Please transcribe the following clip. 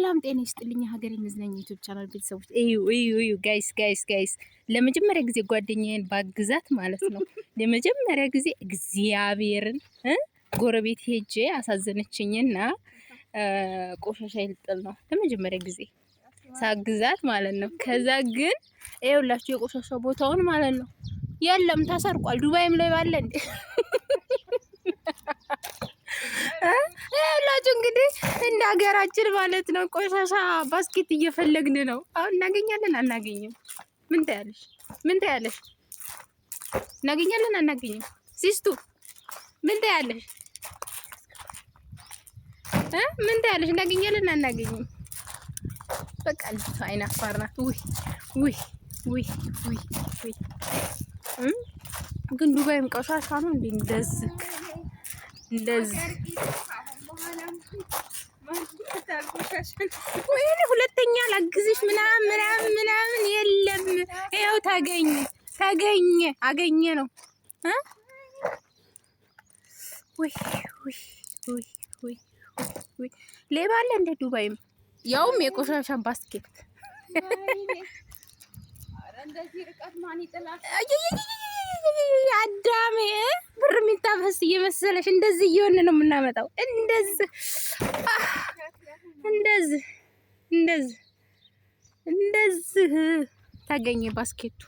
ሰላም ጤና ይስጥልኝ። ሀገር መዝናኛ ዩቲዩብ ቻናል ቤተሰቦች፣ እዩ እዩ እዩ፣ ጋይስ ጋይስ ጋይስ፣ ለመጀመሪያ ጊዜ ጓደኛዬን ባግዛት ማለት ነው። ለመጀመሪያ ጊዜ እግዚአብሔርን ጎረቤት ሄጄ አሳዘነችኝና ቆሻሻ ይልጥል ነው ለመጀመሪያ ጊዜ ሳግዛት ማለት ነው። ከዛ ግን ይኸውላችሁ የቆሻሻ ቦታውን ማለት ነው የለም ተሰርቋል። ዱባይም ላይ ባለ እንዴ እንደ ሀገራችን ማለት ነው ቆሻሻ ባስኬት እየፈለግን ነው። አሁን እናገኛለን አናገኝም? ምን ታያለሽ? ምን ታያለሽ? እናገኛለን አናገኝም? ሲስቱ ምን ታያለሽ? ምን ታያለሽ? እናገኛለን አናገኝም? በቃ ልጅቷ አይን አፋር ናት። ውይ ውይ ውይ ውይ ውይ ግን ዱባይም ቆሻሻ ነው እንዴ? እንደዚህ እንደዚህ ወይኔ ሁለተኛ ላግዝሽ ምናምን ምናምን ምናምን የለም። ይኸው ታገኘ ታገኘ አገኘ ነው ወይ ወይ ወይ ወይ ወይ ሌባ አለ እንደ ዱባይም ያውም የቆሻሻ ባስኬት አዳሜ ብር የሚታፈስ እየመሰለሽ እንደዚህ እየሆነ ነው የምናመጣው እንደዚህ እንደዚህ እንደዚህ እንደዚህ ተገኘ ባስኬቱ።